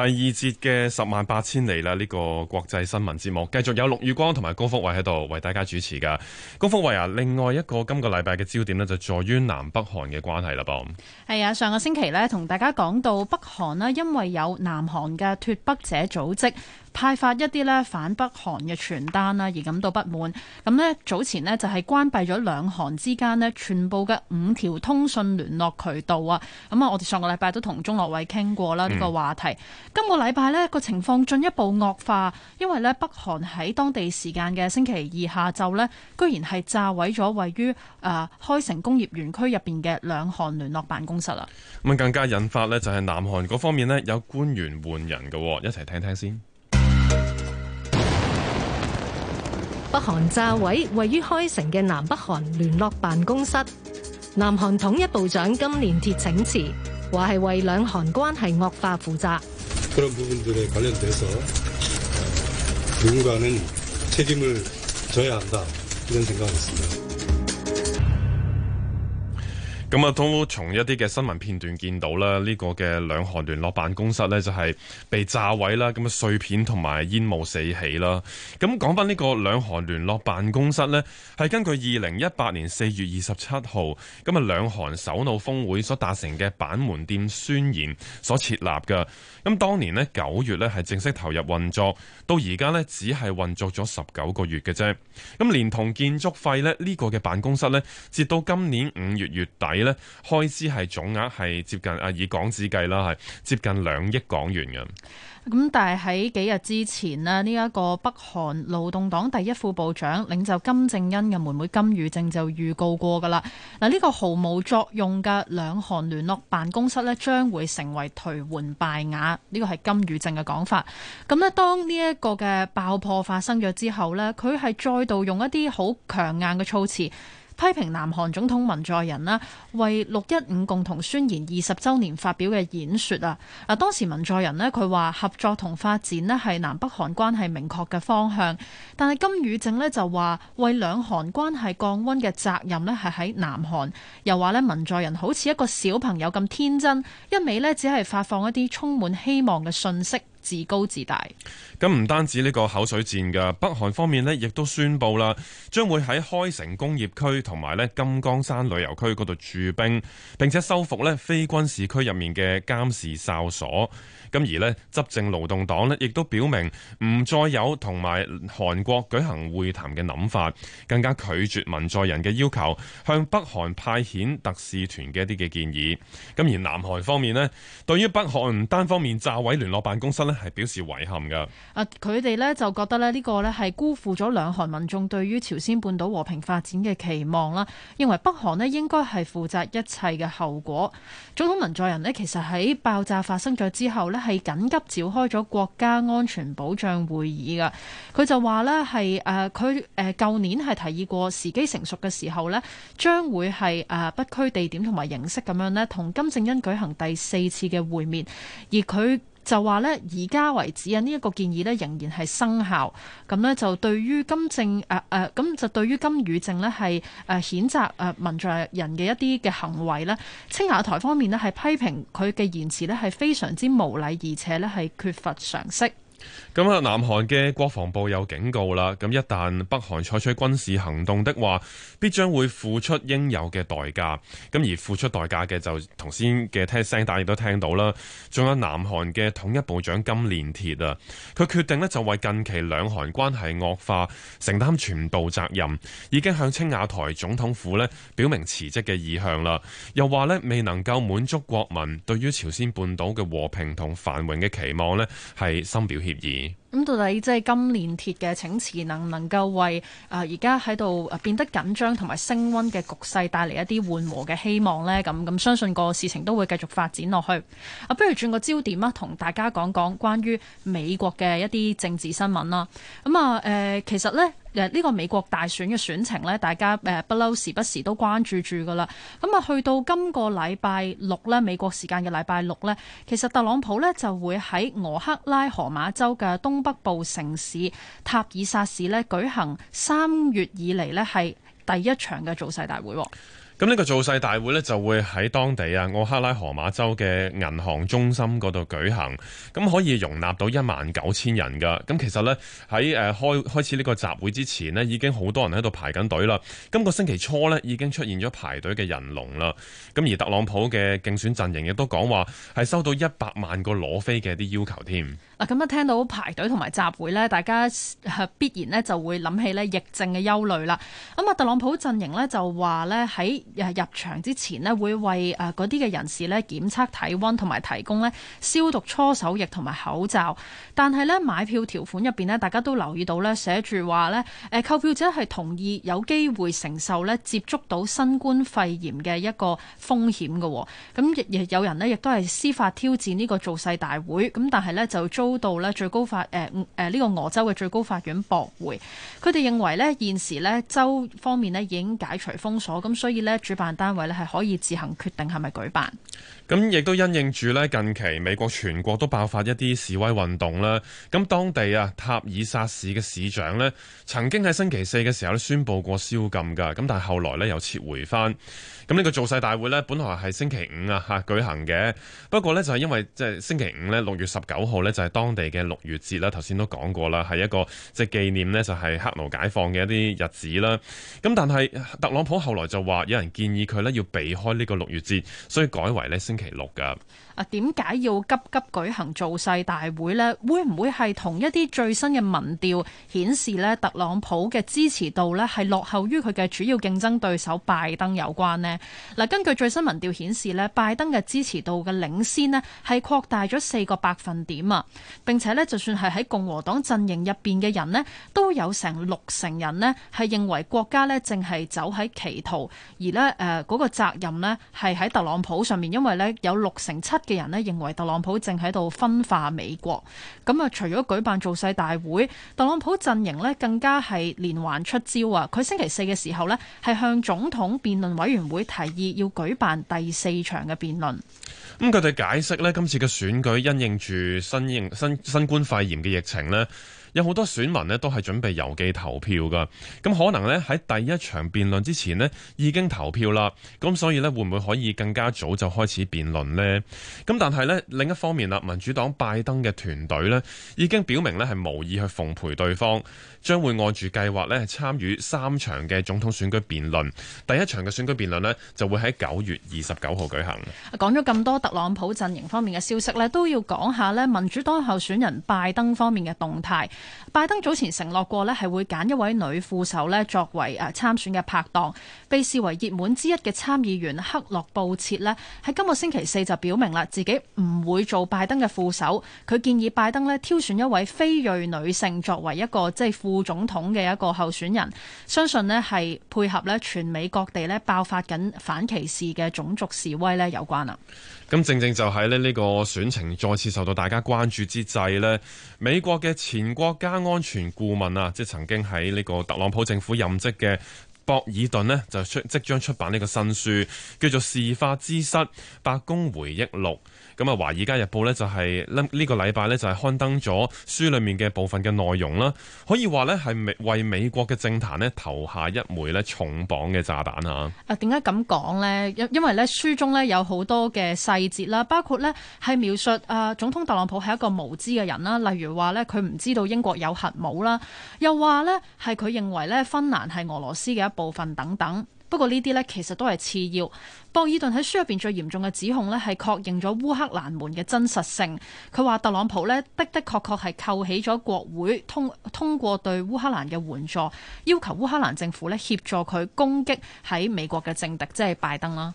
第二節嘅十萬八千里啦，呢個國際新聞節目繼續有陸宇光同埋高福偉喺度為大家主持噶。高福偉啊，另外一個今個禮拜嘅焦點呢，就係在於南北韓嘅關係啦噃。係啊，上個星期呢，同大家講到北韓呢，因為有南韓嘅脫北者組織。派發一啲咧反北韓嘅傳單啦，而感到不滿。咁早前咧就係關閉咗兩韓之間咧全部嘅五條通訊聯絡渠道啊。咁啊，我哋上個禮拜都同鐘樂偉傾過啦呢個話題。嗯、今個禮拜呢個情況進一步惡化，因為北韓喺當地時間嘅星期二下晝咧，居然係炸毀咗位於啊、呃、開城工業園區入邊嘅兩韓聯絡辦公室。咁更加引發咧就係南韓嗰方面有官員換人嘅，一齊聽聽先。北韓炸毀位於開城嘅南北韓聯絡辦公室，南韓統一部長金鍊鐵請辭是係，話係為兩韓關係惡化負責，責。咁啊，都從一啲嘅新聞片段見到啦，呢個嘅兩韓聯絡辦公室咧就係被炸毀啦，咁啊碎片同埋煙霧四起啦。咁講翻呢個兩韓聯絡辦公室咧，係根據二零一八年四月二十七號咁啊兩韓首腦峰會所達成嘅板門店宣言所設立嘅。咁當年咧九月咧係正式投入運作，到而家咧只係運作咗十九個月嘅啫。咁連同建築費咧，呢個嘅辦公室咧，直到今年五月月底。呢開支係總額係接近啊以港紙計啦，係接近兩億港元嘅。咁但係喺幾日之前呢，呢、這、一個北韓勞動黨第一副部長領袖金正恩嘅妹妹金與正就預告過㗎喇。嗱、這、呢個毫無作用嘅兩韓聯絡辦公室呢，將會成為頹垣敗瓦。呢、這個係金與正嘅講法。咁呢，當呢一個嘅爆破發生咗之後呢，佢係再度用一啲好強硬嘅措辭。批評南韓總統文在寅啦，為六一五共同宣言二十周年發表嘅演說啊，嗱，當時文在寅咧佢話合作同發展咧係南北韓關係明確嘅方向，但係金與正就話為兩韓關係降温嘅責任咧係喺南韓，又話文在寅好似一個小朋友咁天真，一味只係發放一啲充滿希望嘅訊息。自高自大。咁唔單止呢個口水戰㗎，北韓方面呢，亦都宣布啦，將會喺開城工業區同埋金剛山旅遊區嗰度駐兵，並且修復非軍事區入面嘅監視哨所。咁而呢，執政勞動黨呢，亦都表明唔再有同埋韓國舉行會談嘅諗法，更加拒絕文在寅嘅要求向北韓派遣特使團嘅一啲嘅建議。咁而南韓方面呢，對於北韓單方面炸毀聯絡辦公室呢，係表示遺憾噶。啊，佢哋呢，就覺得咧，呢個呢，係辜負咗兩韓民眾對於朝鮮半島和平發展嘅期望啦。認為北韓呢，應該係負責一切嘅後果。總統文在寅呢，其實喺爆炸發生咗之後呢，係緊急召開咗國家安全保障會議噶。佢就話呢，係誒佢誒舊年係提議過時機成熟嘅時候呢，將會係誒不拘地點同埋形式咁樣呢，同金正恩舉行第四次嘅會面，而佢。就話呢而家為止啊，呢、這、一個建議呢仍然係生效。咁呢就對於金正誒誒，咁、呃呃、就對於金與正咧係誒譴責誒文在寅嘅一啲嘅行為咧。青瓦台方面咧係批評佢嘅言辭咧係非常之無禮，而且咧係缺乏常識。咁啊，南韓嘅國防部有警告啦，咁一旦北韓採取軍事行動的話，必將會付出應有嘅代價。咁而付出代價嘅就頭先嘅聽聲大家亦都聽到啦，仲有南韓嘅統一部長金連鐵啊，佢決定呢就為近期兩韓關係惡化承擔全部責任，已經向青瓦台總統府呢表明辭職嘅意向啦。又話呢未能夠滿足國民對於朝鮮半島嘅和平同繁榮嘅期望呢，係深表歉意。咁到底即係金鏈鐵嘅請辭能唔能夠為而家喺度變得緊張同埋升温嘅局勢帶嚟一啲緩和嘅希望呢？咁咁相信個事情都會繼續發展落去。啊，不如轉個焦點啊，同大家講講關於美國嘅一啲政治新聞啦。咁啊，誒、呃，其實呢。誒呢個美國大選嘅選情呢，大家誒不嬲時不時都關注住㗎喇。咁啊，去到今個禮拜六呢，美國時間嘅禮拜六呢，其實特朗普呢就會喺俄克拉荷馬州嘅東北部城市塔爾薩市呢舉行三月以嚟呢係第一場嘅造勢大會。咁呢個造勢大會呢，就會喺當地啊奧克拉荷馬州嘅銀行中心嗰度舉行，咁可以容納到一萬九千人噶。咁其實呢，喺誒開開始呢個集會之前呢，已經好多人喺度排緊隊啦。今個星期初呢，已經出現咗排隊嘅人龍啦。咁而特朗普嘅競選陣營亦都講話係收到一百萬個攞飛嘅一啲要求添。嗱，咁一聽到排隊同埋集會呢，大家必然呢就會諗起呢疫症嘅憂慮啦。咁啊，特朗普陣營呢，就話呢，喺誒入場之前咧，會為誒嗰啲嘅人士咧檢測體温，同埋提供咧消毒搓手液同埋口罩。但係咧買票條款入邊咧，大家都留意到咧寫住話咧，誒購票者係同意有機會承受咧接觸到新冠肺炎嘅一個風險嘅。咁亦有人咧亦都係司法挑戰呢個造勢大會，咁但係咧就遭到咧最高法誒誒呢個俄州嘅最高法院駁回。佢哋認為咧現時咧州方面咧已經解除封鎖，咁所以呢。主辦單位咧係可以自行決定係咪舉辦咁，亦都因應住咧近期美國全國都爆發一啲示威運動啦。咁當地啊塔爾薩市嘅市長咧，曾經喺星期四嘅時候咧宣布過宵禁㗎，咁但係後來咧又撤回翻。咁呢個造勢大會呢，本來係星期五啊，吓舉行嘅。不過呢，就係因為即係星期五呢，六月十九號呢，就係當地嘅六月節啦。頭先都講過啦，係一個即係紀念呢，就係黑奴解放嘅一啲日子啦。咁但係特朗普後來就話，有人建議佢呢要避開呢個六月節，所以改為星期六噶。啊，點解要急急舉行造勢大會呢？會唔會係同一啲最新嘅民調顯示呢，特朗普嘅支持度呢，係落後於佢嘅主要競爭對手拜登有關呢？嗱，根據最新民調顯示咧，拜登嘅支持度嘅領先咧係擴大咗四個百分點啊！並且咧，就算係喺共和黨陣營入邊嘅人呢，都有成六成人呢係認為國家呢正係走喺歧途，而呢誒嗰個責任呢，係喺特朗普上面，因為呢有六成七嘅人呢認為特朗普正喺度分化美國。咁啊，除咗舉辦造勢大會，特朗普陣營呢更加係連環出招啊！佢星期四嘅時候呢，係向總統辯論委員會，提議要舉辦第四場嘅辯論。咁佢哋解釋咧，今次嘅選舉因應住新，新，新冠肺炎嘅疫情咧。有好多選民都係準備郵寄投票㗎，咁可能咧喺第一場辯論之前已經投票啦，咁所以咧會唔會可以更加早就開始辯論呢？咁但係另一方面啦，民主黨拜登嘅團隊已經表明咧係無意去奉陪對方，將會按住計劃咧參與三場嘅總統選舉辯論。第一場嘅選舉辯論就會喺九月二十九號舉行。講咗咁多特朗普陣營方面嘅消息，都要講下民主黨候選人拜登方面嘅動態。拜登早前承諾過呢，係會揀一位女副手咧作為誒參選嘅拍檔，被視為熱門之一嘅參議員克洛布切呢，喺今個星期四就表明啦，自己唔會做拜登嘅副手。佢建議拜登咧挑選一位非裔女性作為一個即係副總統嘅一個候選人，相信呢係配合呢全美各地呢爆發緊反歧視嘅種族示威咧有關啦。咁正正就喺咧呢個選情再次受到大家關注之際呢美國嘅前國國家安全顧問啊，即係曾經喺呢個特朗普政府任職嘅博爾頓呢，就出即將出版呢個新書，叫做《事發之失：白宮回憶錄》。咁啊，《華爾街日報》呢、就是，這個、就係呢個禮拜呢，就係刊登咗書裏面嘅部分嘅內容啦，可以話呢，係為美國嘅政壇呢投下一枚呢重磅嘅炸彈吓。點點解咁講呢？因因為呢書中呢有好多嘅細節啦，包括呢係描述誒總統特朗普係一個無知嘅人啦，例如話呢，佢唔知道英國有核武啦，又話呢，係佢認為呢，芬蘭係俄羅斯嘅一部分等等。不過呢啲呢，其實都係次要。博爾頓喺書入邊最嚴重嘅指控呢，係確認咗烏克蘭門嘅真實性。佢話特朗普呢，的的確確係扣起咗國會通通過對烏克蘭嘅援助，要求烏克蘭政府呢協助佢攻擊喺美國嘅政敵，即係拜登啦。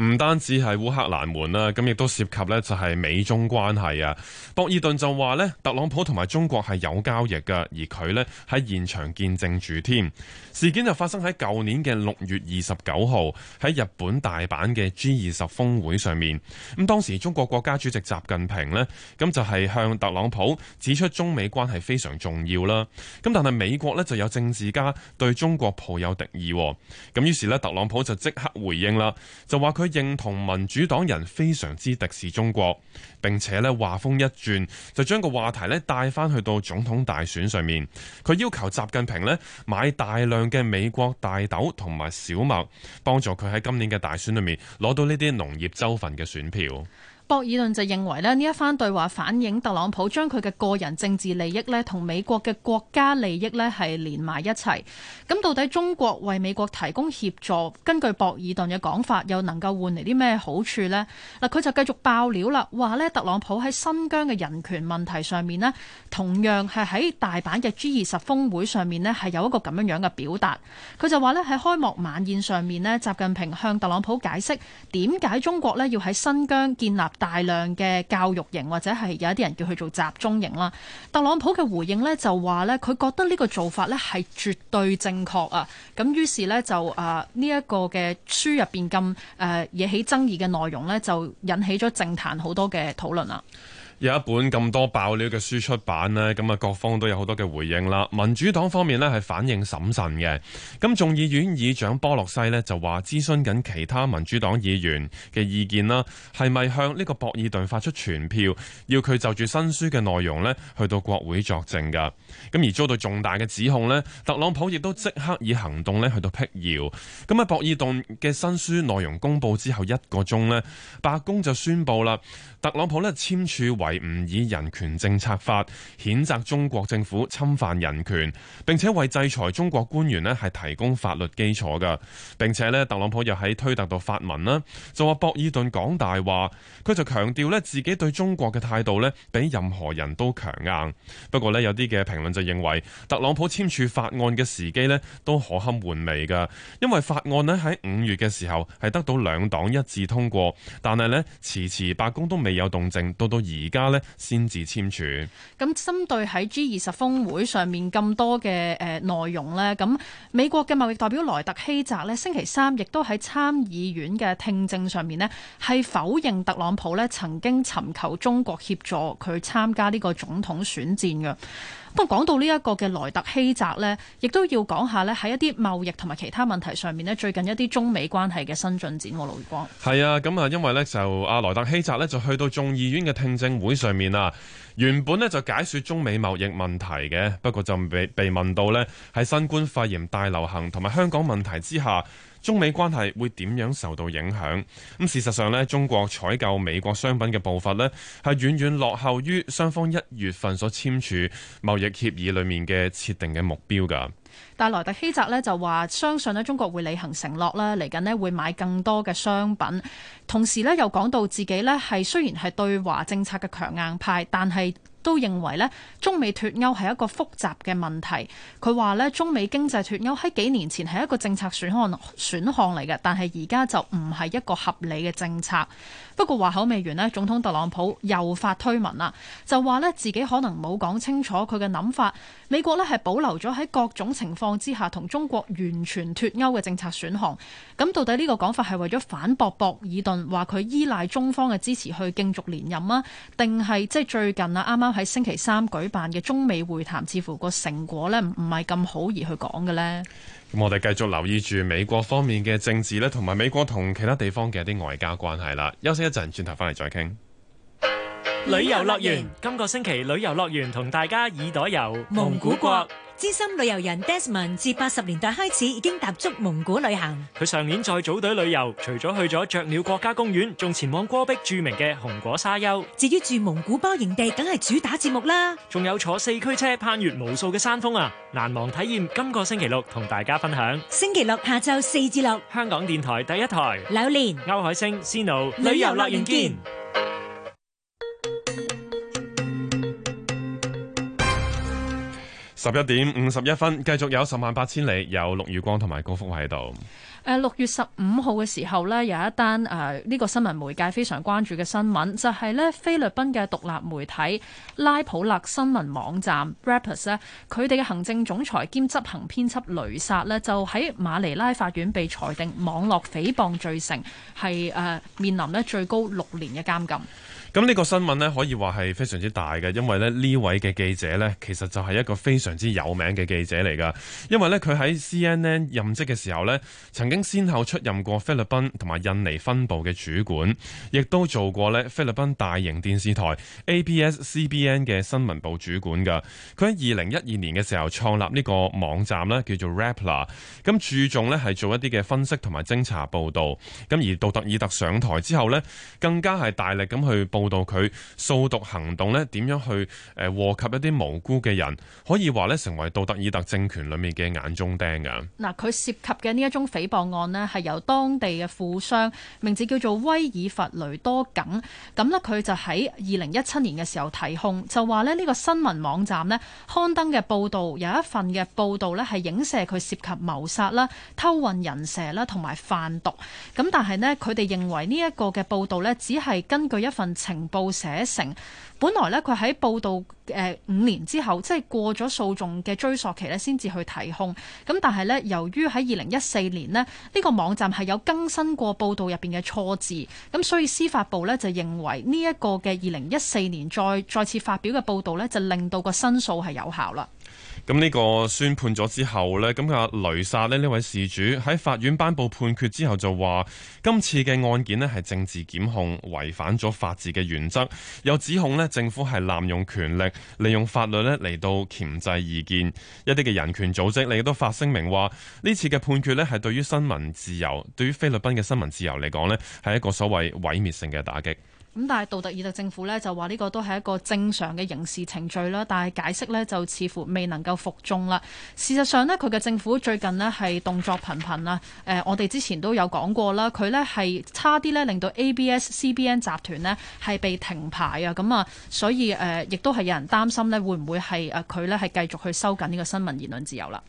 唔單止係烏克蘭門啦，咁亦都涉及咧就係美中關係啊。博爾頓就話咧，特朗普同埋中國係有交易噶，而佢咧喺現場見證住添。事件就發生喺舊年嘅六月二十九號喺日本大阪嘅 G 二十峰會上面。咁當時中國國家主席習近平咧，咁就係向特朗普指出中美關係非常重要啦。咁但係美國咧就有政治家對中國抱有敵意，咁於是咧特朗普就即刻回應啦，就話佢。認同民主黨人非常之敵視中國，並且咧話鋒一轉，就將個話題咧帶翻去到總統大選上面。佢要求習近平咧買大量嘅美國大豆同埋小麥，幫助佢喺今年嘅大選裏面攞到呢啲農業州份嘅選票。博爾頓就認為咧，呢一番對話反映特朗普將佢嘅個人政治利益呢，同美國嘅國家利益呢，係連埋一齊。咁到底中國為美國提供協助，根據博爾頓嘅講法，又能夠換嚟啲咩好處呢？嗱，佢就繼續爆料啦，話呢，特朗普喺新疆嘅人權問題上面呢，同樣係喺大阪嘅 G 二十峰會上面呢，係有一個咁樣樣嘅表達。佢就話呢，喺開幕晚宴上面呢，習近平向特朗普解釋點解中國呢，要喺新疆建立。大量嘅教育營或者係有一啲人叫佢做集中營啦。特朗普嘅回應呢，就話呢，佢覺得呢個做法呢係絕對正確啊。咁於是呢，就啊呢一個嘅書入面咁誒，惹起爭議嘅內容呢，就引起咗政壇好多嘅討論啦。有一本咁多爆料嘅書出版咧，咁啊各方都有好多嘅回應啦。民主黨方面咧係反映審慎嘅，咁眾議院議長波洛西咧就話諮詢緊其他民主黨議員嘅意見啦，係咪向呢個博爾頓發出傳票，要佢就住新書嘅內容咧去到國會作證噶，咁而遭到重大嘅指控咧，特朗普亦都即刻以行動咧去到辟謠，咁啊博爾頓嘅新書內容公布之後一個鐘咧，白宮就宣布啦，特朗普咧簽署維吾爾人權政策法譴責中國政府侵犯人權，並且為制裁中國官員呢係提供法律基礎噶，並且咧特朗普又喺推特度發文啦，就話博爾頓講大話，佢就強調咧自己對中國嘅態度咧比任何人都強硬。不過咧有啲嘅評論就認為特朗普簽署法案嘅時機咧都可堪玩味噶，因為法案咧喺五月嘅時候係得到兩黨一致通過，但係咧遲遲白宮都未有動靜，到到而家。家呢先至簽署。咁針對喺 G 二十峰會上面咁多嘅誒內容呢，咁美國嘅貿易代表萊特希澤呢，星期三亦都喺參議院嘅聽證上面呢，係否認特朗普呢曾經尋求中國協助佢參加呢個總統選戰嘅。不過講到呢一個嘅萊特希澤呢，亦都要講下呢喺一啲貿易同埋其他問題上面呢最近一啲中美關係嘅新進展。我盧月光係啊，咁啊，因為呢，就阿、啊、萊特希澤呢，就去到眾議院嘅聽證會上面啊，原本呢，就解說中美貿易問題嘅，不過就被被問到呢，喺新冠肺炎大流行同埋香港問題之下。中美關係會點樣受到影響？咁事實上呢，中國採購美國商品嘅步伐呢，係遠遠落後於雙方一月份所簽署貿易協議裡面嘅設定嘅目標㗎。但萊特希澤呢就話相信呢中國會履行承諾啦，嚟緊呢會買更多嘅商品，同時呢又講到自己呢係雖然係對華政策嘅強硬派，但係。都認為咧，中美脱歐係一個複雜嘅問題。佢話咧，中美經濟脱歐喺幾年前係一個政策選項選項嚟嘅，但係而家就唔係一個合理嘅政策。不過話口未完咧，總統特朗普又發推文啦，就話咧自己可能冇講清楚佢嘅諗法。美國咧係保留咗喺各種情況之下同中國完全脫鈎嘅政策選項。咁到底呢個講法係為咗反駁博爾頓，話佢依賴中方嘅支持去競逐連任啊，定係即係最近啊啱啱喺星期三舉辦嘅中美會談，似乎個成果咧唔係咁好而去講嘅呢？咁我哋繼續留意住美國方面嘅政治咧，同埋美國同其他地方嘅一啲外交關係啦。休息一陣，轉頭翻嚟再傾。旅遊樂園，今個星期旅遊樂園同大家耳朵遊蒙古國，資深旅遊人 Desmond 自八十年代開始已經踏足蒙古旅行。佢上年再組隊旅遊，除咗去咗雀鳥國家公園，仲前往戈壁著名嘅紅果沙丘。至於住蒙古包營地，梗係主打節目啦。仲有坐四驅車攀越無數嘅山峰啊！難忘體驗，今、這個星期六同大家分享。星期六下晝四至六，香港電台第一台。柳蓮年、歐海星、Snow 旅，旅遊樂園見。見十一點五十一分，繼續有十萬八千里，有陸宇光同埋高福喺度。誒，六月十五號嘅時候咧，有一單誒呢、呃這個新聞媒介非常關注嘅新聞，就係、是、咧菲律賓嘅獨立媒體拉普勒新聞網站 Rappler 佢、啊、哋嘅行政總裁兼執行編輯雷薩咧，就喺馬尼拉法院被裁定網絡誹謗罪成，係誒、呃、面臨咧最高六年嘅監禁。咁呢個新聞呢，可以話係非常之大嘅，因為呢呢位嘅記者呢，其實就係一個非常之有名嘅記者嚟噶，因為呢，佢喺 CNN 任職嘅時候呢，曾經先後出任過菲律賓同埋印尼分部嘅主管，亦都做過呢菲律賓大型電視台 ABS-CBN 嘅新聞部主管噶。佢喺二零一二年嘅時候創立呢個網站呢叫做 Rappler，咁注重呢係做一啲嘅分析同埋偵查報導，咁而杜特爾特上台之後呢，更加係大力咁去報到佢掃毒行動呢，點樣去誒禍及一啲無辜嘅人？可以話呢成為杜特爾特政權裏面嘅眼中釘嘅。嗱，佢涉及嘅呢一宗誹謗案呢，係由當地嘅富商，名字叫做威爾弗雷多耿，咁呢，佢就喺二零一七年嘅時候提控，就話呢，呢個新聞網站呢刊登嘅報道，有一份嘅報道呢，係影射佢涉及謀殺啦、偷運人蛇啦同埋販毒。咁但係呢，佢哋認為呢一個嘅報道呢，只係根據一份。情報寫成本來咧，佢喺報道誒五年之後，即係過咗訴訟嘅追溯期咧，先至去提控。咁但係呢，由於喺二零一四年呢，呢個網站係有更新過報道入邊嘅錯字，咁所以司法部呢就認為呢一個嘅二零一四年再再次發表嘅報道呢，就令到個申訴係有效啦。咁呢個宣判咗之後呢，咁阿雷薩呢位事主喺法院頒布判決之後就話，今次嘅案件呢係政治檢控，違反咗法治嘅原則，又指控呢政府係濫用權力，利用法律呢嚟到鉗制意見。一啲嘅人權組織亦都發聲明話，呢次嘅判決呢係對於新聞自由，對於菲律賓嘅新聞自由嚟講呢係一個所謂毀滅性嘅打擊。咁但係杜特爾特政府咧就話呢個都係一個正常嘅刑事程序啦，但係解釋呢就似乎未能夠服眾啦。事實上呢，佢嘅政府最近呢係動作頻頻啊。誒，我哋之前都有講過啦，佢呢係差啲呢令到 ABS-CBN 集團呢係被停牌啊。咁啊，所以誒，亦都係有人擔心呢會唔會係誒佢呢係繼續去收緊呢個新聞言論自由啦？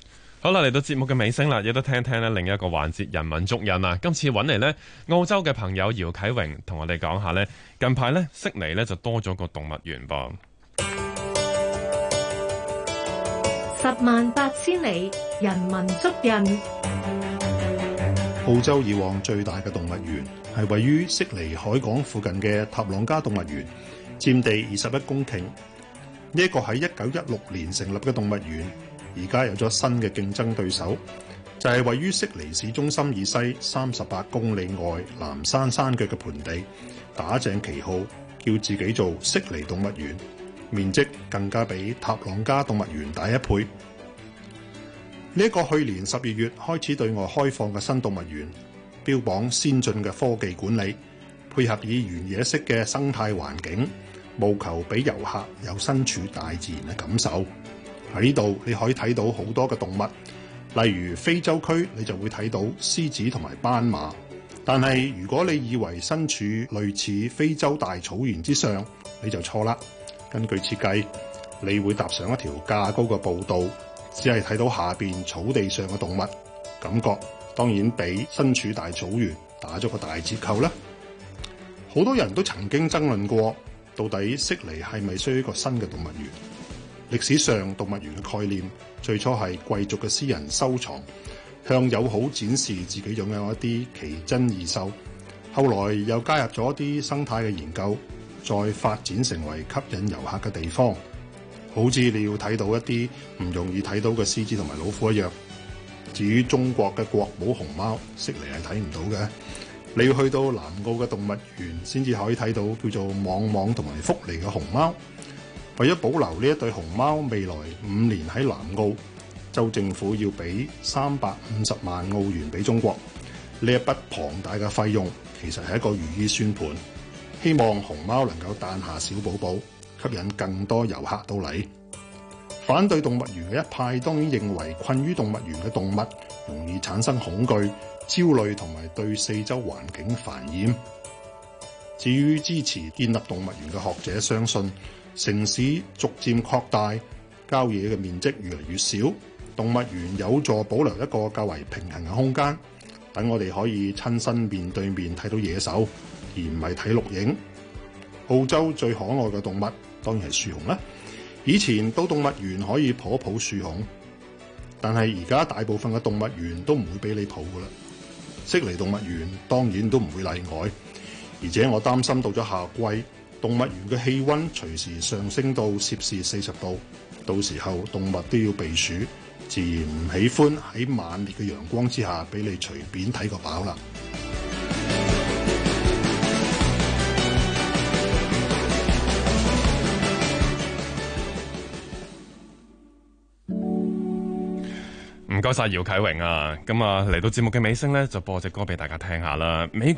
好啦，嚟到節目嘅尾聲啦，亦都聽聽呢，另一個環節《人文足印》啊！今次揾嚟呢澳洲嘅朋友姚啟榮同我哋講下呢。近排呢，悉尼呢就多咗個動物園噃。十萬八千里，《人文足印》。澳洲以往最大嘅動物園係位於悉尼海港附近嘅塔朗加動物園，佔地二十一公頃。呢個喺一九一六年成立嘅動物園。而家有咗新嘅競爭對手，就係、是、位於悉尼市中心以西三十八公里外藍山山腳嘅盆地，打正旗號叫自己做悉尼動物園，面積更加比塔朗加動物園大一倍。呢、這個去年十二月開始對外開放嘅新動物園標榜先進嘅科技管理，配合以原野式嘅生態環境，務求俾遊客有身處大自然嘅感受。喺呢度你可以睇到好多嘅動物，例如非洲區，你就會睇到獅子同埋斑馬。但係如果你以為身處類似非洲大草原之上，你就錯啦。根據設計，你會踏上一條架高嘅步道，只係睇到下邊草地上嘅動物，感覺當然比身處大草原打咗個大折扣啦。好多人都曾經爭論過，到底悉尼係咪需要一個新嘅動物園？歷史上動物園嘅概念最初係貴族嘅私人收藏，向友好展示自己擁有一啲奇珍異獸。後來又加入咗一啲生態嘅研究，再發展成為吸引遊客嘅地方。好似你要睇到一啲唔容易睇到嘅獅子同埋老虎一樣。至於中國嘅國寶熊貓，悉尼係睇唔到嘅。你要去到南澳嘅動物園先至可以睇到叫做網網同埋福利嘅熊貓。為咗保留呢一對熊貓，未來五年喺南澳，州政府要俾三百五十萬澳元俾中國。呢一筆龐大嘅費用其實係一個如意算盤，希望熊貓能夠誕下小寶寶，吸引更多遊客到嚟。反對動物園嘅一派當然認為困於動物園嘅動物容易產生恐懼、焦慮同埋對四周環境繁衍。至於支持建立動物園嘅學者相信。城市逐漸擴大，郊野嘅面積越嚟越少，動物園有助保留一個較為平衡嘅空間，等我哋可以親身面對面睇到野獸，而唔係睇錄影。澳洲最可愛嘅動物當然係樹熊啦，以前到動物園可以抱一抱樹熊，但係而家大部分嘅動物園都唔會俾你抱㗎啦。悉尼動物園當然都唔會例外，而且我擔心到咗夏季。動物園嘅氣溫隨時上升到攝氏四十度，到時候動物都要避暑，自然唔喜歡喺猛烈嘅陽光之下俾你隨便睇個飽啦。唔該晒，姚啟榮啊，咁啊嚟到節目嘅尾聲呢，就播隻歌俾大家聽下啦。